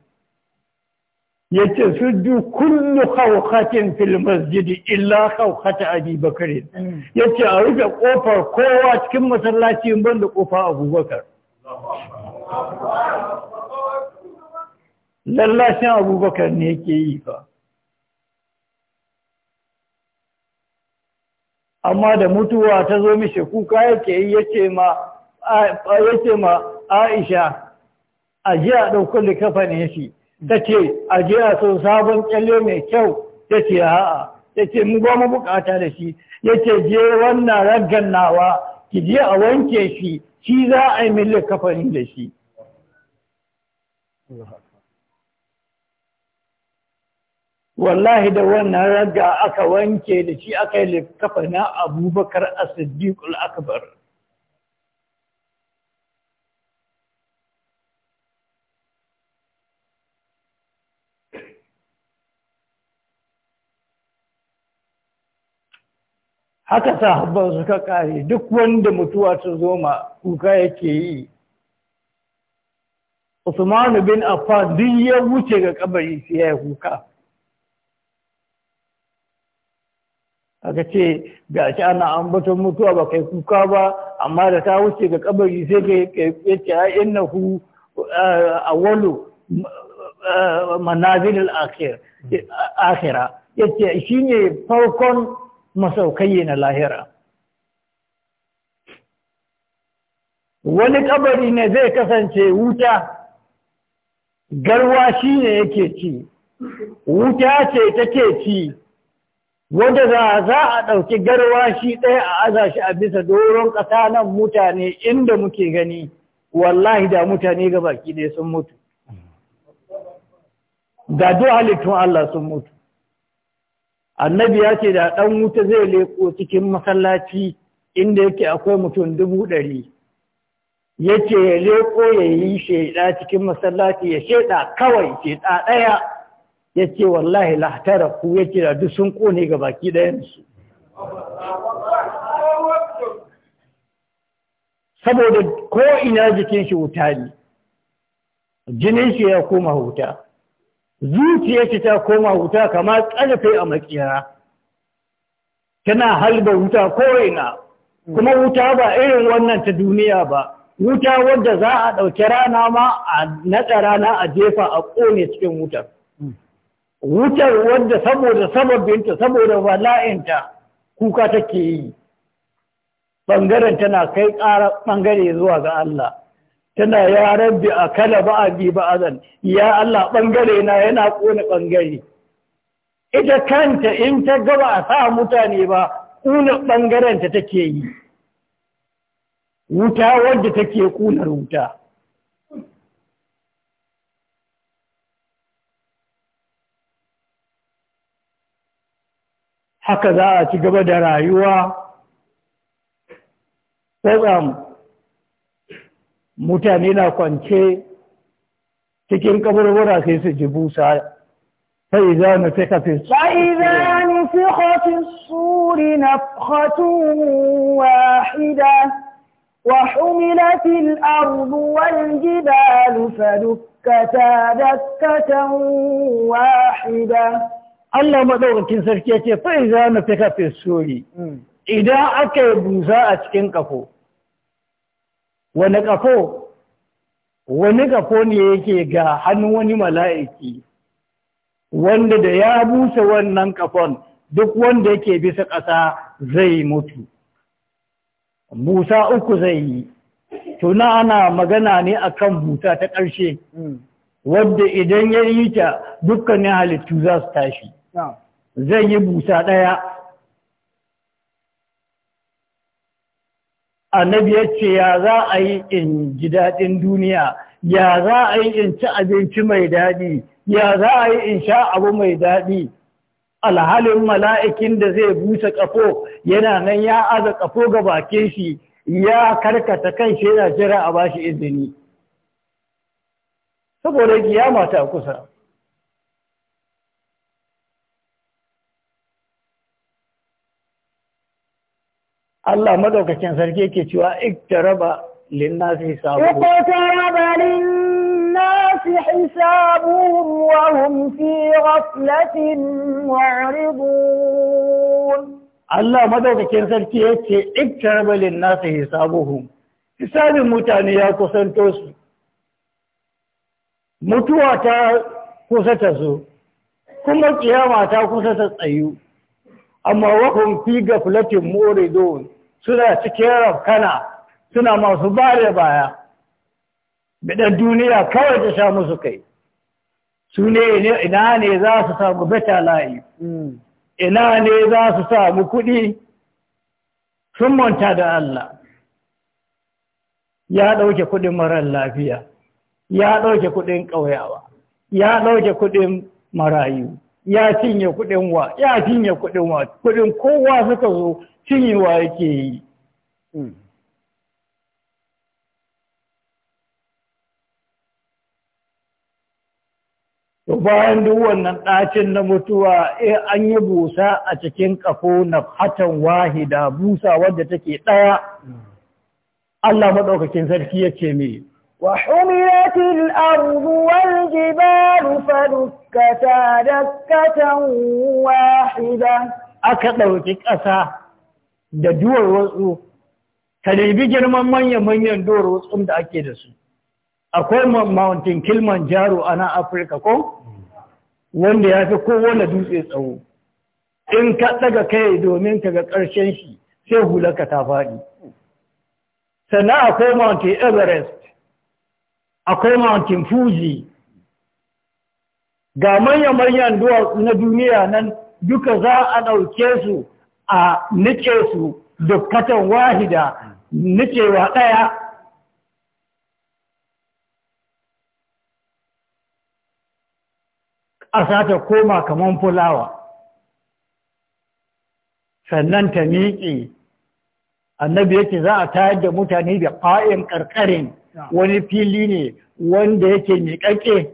ya ce su du kullu haukatin fil masjidi illa haukata abi bakari ya ce a rufe kofar kowa cikin masallaci ban da kofa abubakar lallashin abubakar ne yake yi ba amma da mutuwa ta zo mishi kuka yake yi yace ma yace ma Aisha a ɗauko da ɗauki shi Tace ce a je so sabon kyalle mai kyau ta ce a'a ya ce mu ba da shi Yace je wannan raggan nawa ki je a wanke shi shi za a yi min likafani da shi wallahi da wannan raga aka wanke da shi aka yi lifkafa na abubakar asiddiƙul akbar haka ta, sahabban suka kare duk wanda mutuwa ta zoma kuka yake yi Usmanu bin Affan duk ya wuce ga kabari sai ya kuka aka ce ga shi ana ambaton mutuwa ba kai kuka ba amma da ta wuce ga kabari sai ka yace eh, eh, ya inna hu awwalu manazil al-akhira yace shine farkon masaukai na lahira wani kabari ne zai kasance wuta garwa shine yake ci wuta ce take ci wanda za a ɗauki garwashi ɗaya a aza shi a bisa doron ƙasa nan mutane inda muke gani wallahi da mutane ga baki ɗaya sun mutu Ga duk halittun Allah sun mutu annabi ya ce da ɗan wuta zai leƙo cikin masallaci inda yake akwai mutum dubu ɗari ya ce ya leƙo ya yi shaiɗa cikin masallaci ya shaiɗa kawai shaiɗa ɗaya ya ce wallahi lahtara ku ya ce sun kone ga baki ɗayansu saboda ko ina jikin shi wuta ne jinin shi ya koma wuta zuciyar shi ta koma wuta kama ƙarfe a makera tana halba wuta ko ina kuma wuta ba irin wannan ta duniya ba wuta wadda za a ɗauki rana ma a naɗa rana a jefa a ƙone cikin wutar wutar wadda saboda sababinta saboda bala'inta kuka take yi ɓangaren tana kai ƙara ɓangare zuwa ga Allah tana ya rabbi a kala ba a bi ba azan ya Allah bangare na yana ƙone ɓangare ita kanta in ta gaba a sa mutane ba ƙuna bangaren ta take yi wuta wadda take ƙunar wuta haka za a ci gaba da rayuwa tsatsam mutane na kwance cikin kaburbura sai su ji busa sai za mu fi kafin نفخ في وحملت الأرض والجبال فدكتا دكة واحدة Allah maɗaukakin sarki ya ce fai za na fika fesori hmm. idan aka yi busa a cikin ƙafo wani ƙafo wani ƙafo ne yake ga hannun wani mala'iki wanda da ya busa wannan ƙafon duk wanda yake bisa ƙasa zai mutu busa uku zai yi tuna ana magana ne akan busa ta ƙarshe hmm. wadda idan ya yi ta dukkanin halittu za su tashi zai yi busa ɗaya annabi ya ce ya za a yi in ji daɗin duniya ya za a yi in ci abinci mai daɗi ya za a yi in sha abu mai daɗi alhalin mala'ikin da zai busa ƙafo yana nan ya aza ƙafo ga bakin shi ya karkata kan shi yana jira a bashi izini saboda ya ta kusa Allah madaukakin sarki yake cewa iktaraba linnasi hisabu iktaraba linnasi hisabu wa hum fi ghaflatin mu'ridun Allah madaukakin sarki yake iktaraba linnasi hisabuhum hisabin mutane ya kusanto su mutuwa ta kusa ta zo kuma kiyama ta kusa ta tsayu amma hum fi ghaflatin mu'ridun suna cikin rafkana suna masu bare baya bidan duniya kawai ta sha musu kai su ne ina ne za su samu beta layi hmm. ina ne za su samu kuɗi sun manta da Allah ya ɗauke kuɗin marar lafiya ya ɗauke kuɗin ƙauyawa ya ɗauke kuɗin marayu ya cinye kuɗin wa ya cinye kuɗin wa kuɗin kowa suka zo cinyewa yake yi hmm. To bayan duk wannan ɗacin na mutuwa eh an yi busa a cikin ƙafo na hatan wahida busa wadda take ɗaya hmm. Allah maɗaukakin sarki ya ce mai وحملت الأرض والجبال فدكتا دكة واحدة أكدوتك Ka دجور وصو كاليبي جرمان من يمن da ake da su. akwai mountain kilimanjaro a nan afirka ko wanda ya fi kowane dutse tsawo in ka daga kai domin ka ga ƙarshen shi sai hulaka ta faɗi sannan akwai mountain everest akwai mountain fuji ga manya-manyan duwatsu na duniya nan duka za a ɗauke su a nike su dukkatan wahida nikewa ɗaya A sata koma kamar fulawa sannan ta miƙe annabi yake za a tayar da mutane da ƙa'in ƙarƙarin wani fili ne wanda yake miƙaƙe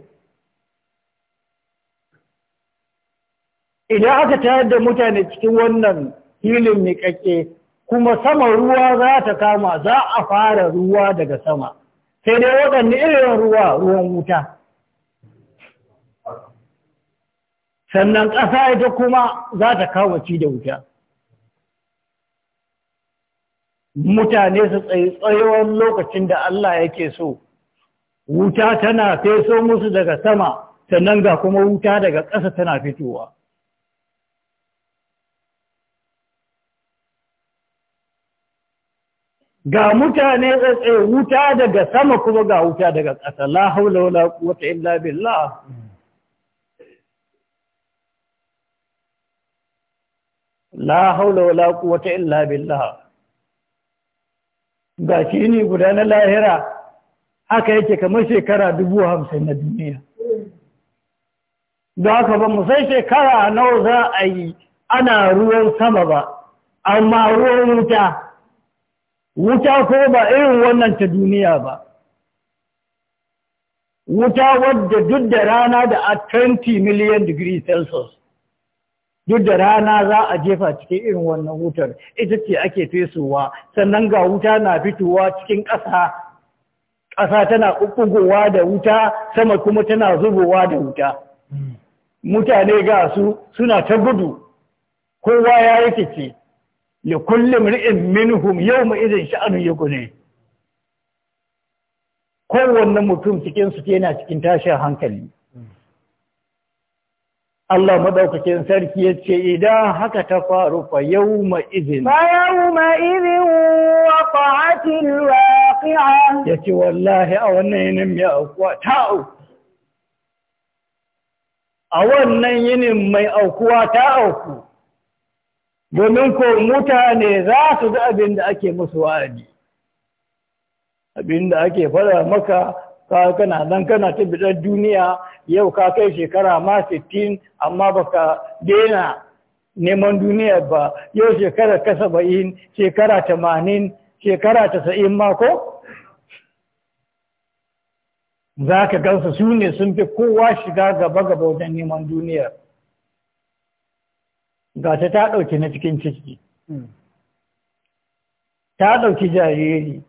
idan aka tayar da mutane cikin wannan filin miƙaƙe kuma sama ruwa za ta kama za a fara ruwa daga sama sai dai waɗanne irin ruwa ruwan wuta sannan ƙasa ita kuma za ta ci da wuta mutane su tsayi tsayuwar lokacin da Allah yake so wuta tana feso musu daga sama sannan ga kuma wuta daga ƙasa tana fitowa ga mutane tsaye wuta daga sama kuma ga wuta daga ƙasa la haula wala quwwata illa billah la haula wala quwwata illa billah Ba shi ne guda na lahira haka yake kamar shekara dubu hamsin na duniya da haka ba mu sai shekara nawa za a yi ana ruwan sama ba amma ruwan wuta wuta ko ba irin wannan ta duniya ba wuta wadda duk da rana da a 20 million degree celsius duk da rana za a jefa cikin irin wannan wutar ita ce ake fesowa sannan ga wuta na fitowa cikin ƙasa ƙasa tana ƙuƙugowa da wuta sama kuma tana zubowa da wuta mutane ga su suna ta gudu kowa ya rikice li kulli ri'in minhum yawma idhin sha'anu yughni kowanne mutum cikin su yana cikin tashin hankali Allah madaukakin sarki ya ce idan haka ta faru fa yau ma izin. Fa yau ma izin wa fa'atin waƙi'a. Ya ce wallahi a wannan yinin mai aukuwa ta'au. A wannan yinin mai aukuwa ta auku. Domin ko mutane za su ga abin da ake musu wa'adi. Abin da ake fara maka ka kana nan kana ta bidar duniya yau ka kai shekara ma 60 amma baka daina neman duniya ba yau shekara ka 70 shekara 80 shekara 90 ma ko za ka gansa su ne sun fi kowa shiga gaba-gaba wajen neman duniyar ga ta ta ɗauki na cikin ciki hmm. ta ɗauki jariri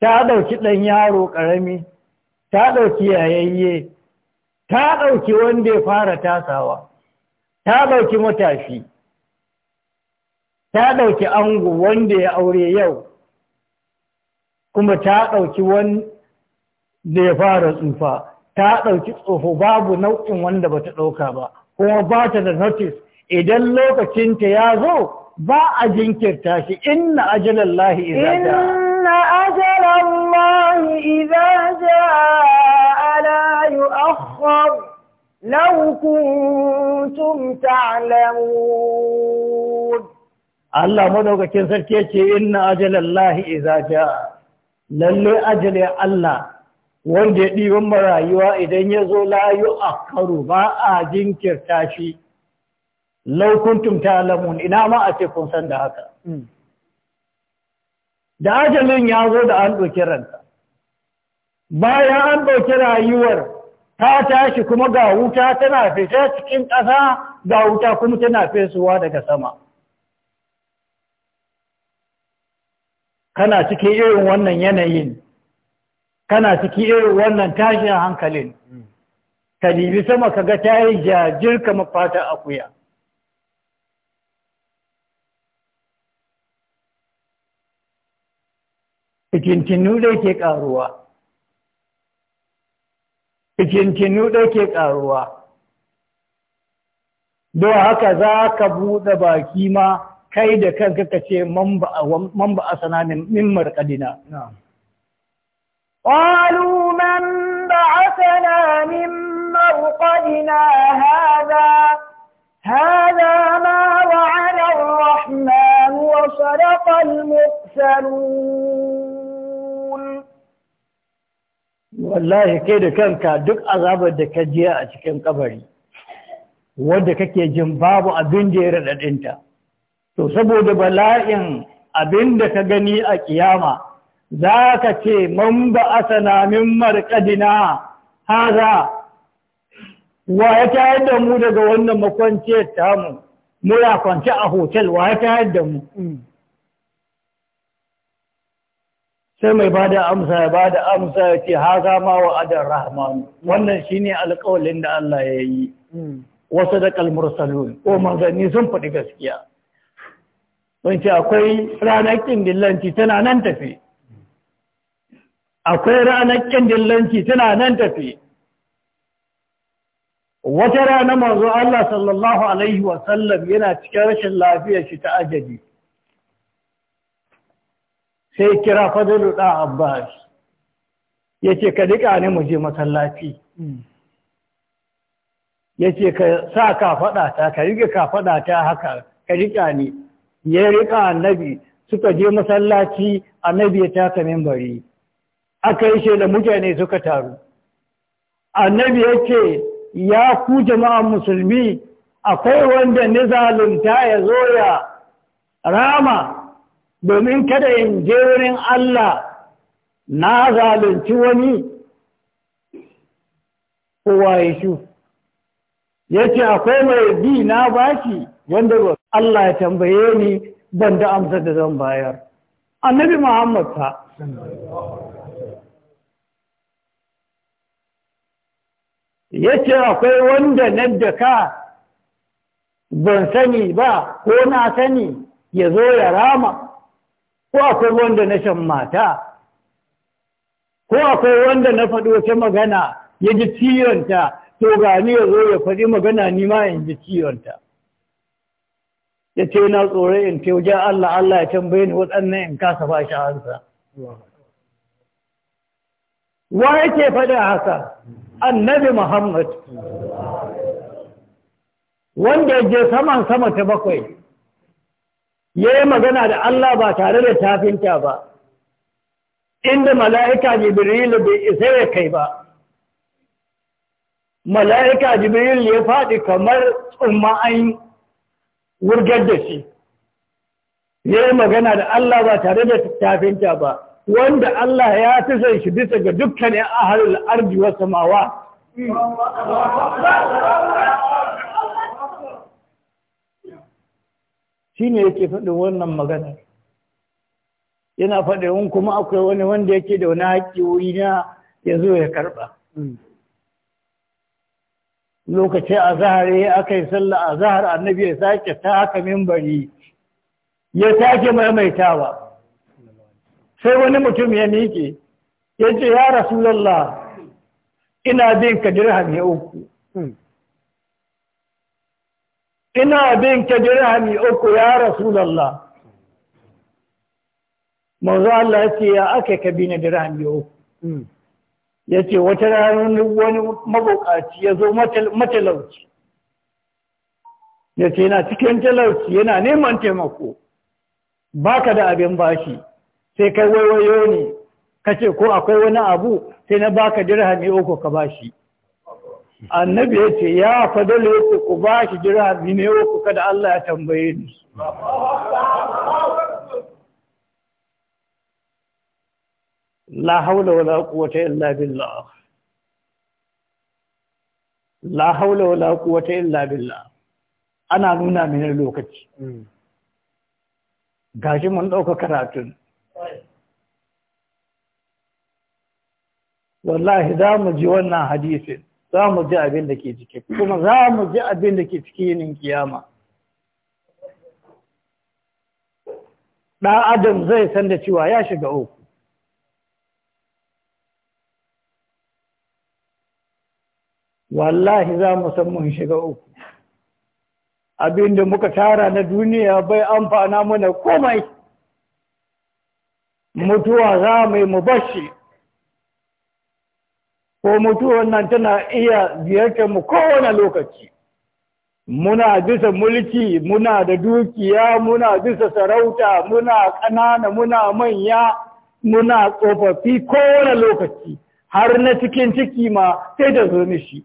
ta ɗauki ɗan yaro ƙarami ta ɗauki yayayye ta ɗauki wanda ya fara tasawa ta ɗauki matashi ta ɗauki ango wanda ya aure yau kuma ta ɗauki wanda ya fara tsufa ta ɗauki tsofo babu nau'in wanda ba ta ɗauka ba kuma ba ta da notice idan lokacinta ya zo ba a jinkirta shi inna ajalallahi أجل الله إذا جاء لا يؤخر لو كنتم تعلمون الله مدوك كنسر كيشي إن أجل الله إذا جاء للي أجل الله wanda ya ɗiban marayuwa idan ya zo layu a karu ba a jinkirta shi laukuntum ta lamun. ina ma a ce kun san da haka da ajalin ya zo da an ɗauki ranta bayan an ɗauki rayuwar ta tashi kuma ga wuta tana fita cikin ƙasa ga wuta kuma tana fesuwa daga sama kana cikin irin wannan yanayin kana ciki irin wannan tashin hankalin ka sama ka ga ta yi jajir mafata akuya fitintinu dai ke karuwa dai ke karuwa don haka za ka buɗe baki ma kai da kanka ka ce man ba a sananin min marƙadina ƙwalu man ba a sananin marƙadina haza haza ma wa'anar rahman wa sadaƙar mursalin wallahi kai da kanka duk azabar da ka jiya a cikin kabari wadda kake jin babu abin da ya raɗaɗinta to saboda bala'in abin da ka gani a ƙiyama, za ka ce man ba a sanamin marƙadina haza wa ya tayar da mu daga wannan makwanciyar tamu muna kwance a hotel wa ya tayar da mu sai mai ba da amsa ya ba da amsa ya ce haza ma wa adar rahmanu wannan ne alƙawalin da Allah ya yi wasu da kalmursalun ko manzanni sun faɗi gaskiya don ce akwai ranar dillanci tana nan tafi akwai ranar dillanci tana nan tafi wata rana manzo Allah sallallahu alaihi wasallam yana cikin rashin lafiyar shi ta ajabi sai kira fadilu ɗan abbas ya ce ka duka ne mu je masallaci hmm. ya ce ka sa kafaɗa ta ka rike kafaɗa ta haka ka duka ne? ya rika annabi suka je masallaci annabi ya taka membari aka yi shaida mutane suka taru annabi ya ce ya ku jama'an musulmi akwai wanda ni zalunta ya zo ya rama domin kada in je wurin Allah na zalunci wani kowa ya shu ya ce akwai mai bi na bashi wanda Allah ya tambaye ni ban da amsa da zan bayar annabi Muhammad ta ya ce akwai wanda na ka ban sani ba ko na sani ya zo ya rama ko akwai wanda na shan mata ko akwai wanda na faɗi wata magana ya ji ciyonta to gani ya zo ya faɗi magana ni ma in ji ciyonta ya ce na tsoron in ce wajen Allah Allah ya tambaye ni waɗannan in kasa ba shi hansa wa yake faɗin haka annabi Muhammad wanda ya je saman sama ta bakwai ya yi magana da Allah ba tare da tafinta ba inda mala'ika jibrilu bai isa ya kai ba mala'ika jibrilu ya faɗi kamar tsumma’ayin wurgar da shi ya yi magana da Allah ba tare da tafinta ba wanda Allah ya fi zai shi bisa ga dukkanin ahalil arji wasu mawa Shi ne yake faɗi wannan magana yana faɗin kuma akwai wani wanda yake da wani haƙƙi wuri ya zo ya karɓa hmm. lokacin azahar ya aka yi sallah azahar annabi ya sake ta haka mimbari ya sake maimaitawa sai wani mutum ya miƙe ya ce ya rasulallah ina bin ka dirham ya uku hmm. ina bin ka dirhami uku ya rasulullah manzo Allah ya ce ya aka ka bi na dirhami uku hmm. ya ce wata rana wani mabukaci ya zo matalauci ya ce yana cikin talauci yana neman taimako baka da abin bashi sai kai waiwayo ne kace ko akwai wani abu sai na baka dirhami uku ka bashi annabi ya ce ya fadala ya ku ba shi dirhami ne ku kada Allah ya tambaye ni la haula wala quwwata illa billah la haula wala quwwata illa billah ana nuna mini lokaci hmm. gashi mun dauka karatun wallahi za mu ji wannan hadisin za mu ji abin da ke ciki kuma za mu ji abin da ke ciki yinin kiyama ɗan adam zai san da cewa ya shiga uku wallahi za mu san mun shiga uku abin da muka tara na duniya bai amfana mana komai mutuwa za mu yi mu bashi ko mutuwar nan tana iya ziyartar mu kowane lokaci muna bisa mulki muna da dukiya muna bisa sarauta muna ƙanana muna manya muna tsofaffi kowane lokaci har na cikin ciki ma sai da zo shi.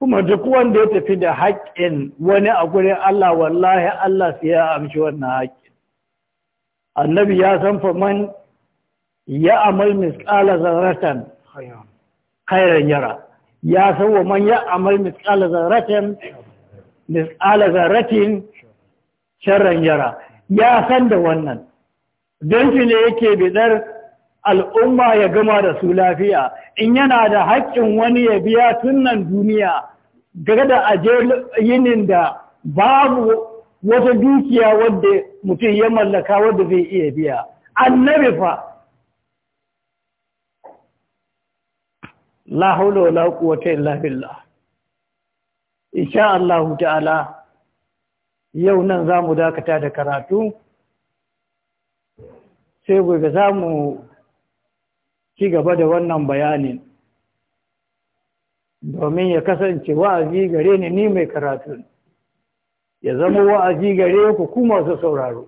kuma duk wanda ya tafi da haƙƙin wani a gurin Allah wallahi Allah sai ya amshi wannan haƙƙin annabi ya san faman ya amal misqala zarratan khairan yara ya sauwa man ya amal misqala zarratan misqala zarratin sharran yara ya san da wannan don shi ne yake bidar al'umma ya gama da su lafiya in yana da haƙƙin wani ya biya tunan duniya Gada da aje yinin da babu wata dukiya wadda mutum ya mallaka wadda zai iya biya annabi fa la haula wala quwwata illa billah insha Allah ta'ala yau nan zamu dakata da karatu sai gobe za mu ci gaba da wannan bayanin domin ya kasance wa'azi gare ni ni mai karatu ya zama wa'azi gare ku ku masu sauraro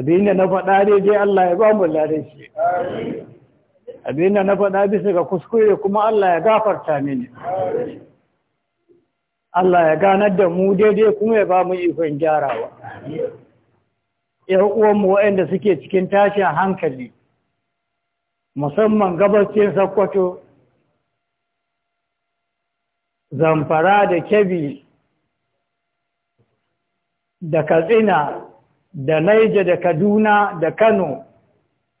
abinda na faɗa dai Allah ya ba mu ladan shi abinda na faɗa bisa ga kuskure kuma Allah ya gafarta mini Allah ya ganar da mu daidai kuma ya ba mu ikon gyarawa ‘yan uwanmu waɗanda suke cikin tashin hankali musamman gabashin sakwato zamfara da kebi da katsina da naija da kaduna da kano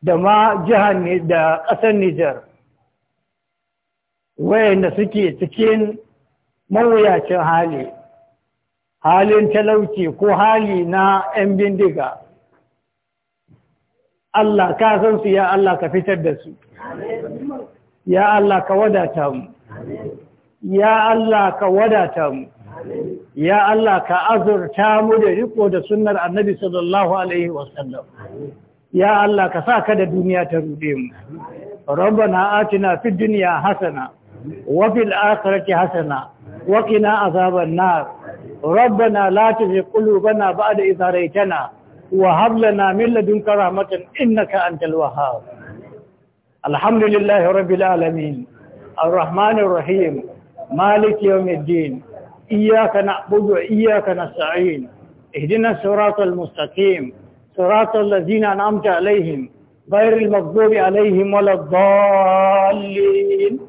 da ma jihar da ƙasar Nijar wayanda suke cikin mawuyacin hali halin talauci ko hali na 'yan bindiga Allah ka san su ya Allah ka fitar da su ya Allah ka wadata mu ya Allah ka wadata mu ya Allah ka azurta mu da riko da sunnar annabi sallallahu alaihi wasallam يا الله كفاك دا دنيا ترديم ربنا آتنا في الدنيا حسنة وفي الآخرة حسنة وقنا عذاب النار ربنا لا تزي قلوبنا بعد إذا ريتنا وهب لنا من لدنك رحمة إنك أنت الوهاب الحمد لله رب العالمين الرحمن الرحيم مالك يوم الدين إياك نعبد وإياك نستعين اهدنا السراط المستقيم صراط الذين أنعمت عليهم غير المغضوب عليهم ولا الضالين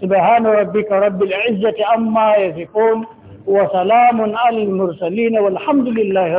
سبحان ربك رب العزة عما يصفون وسلام على المرسلين والحمد لله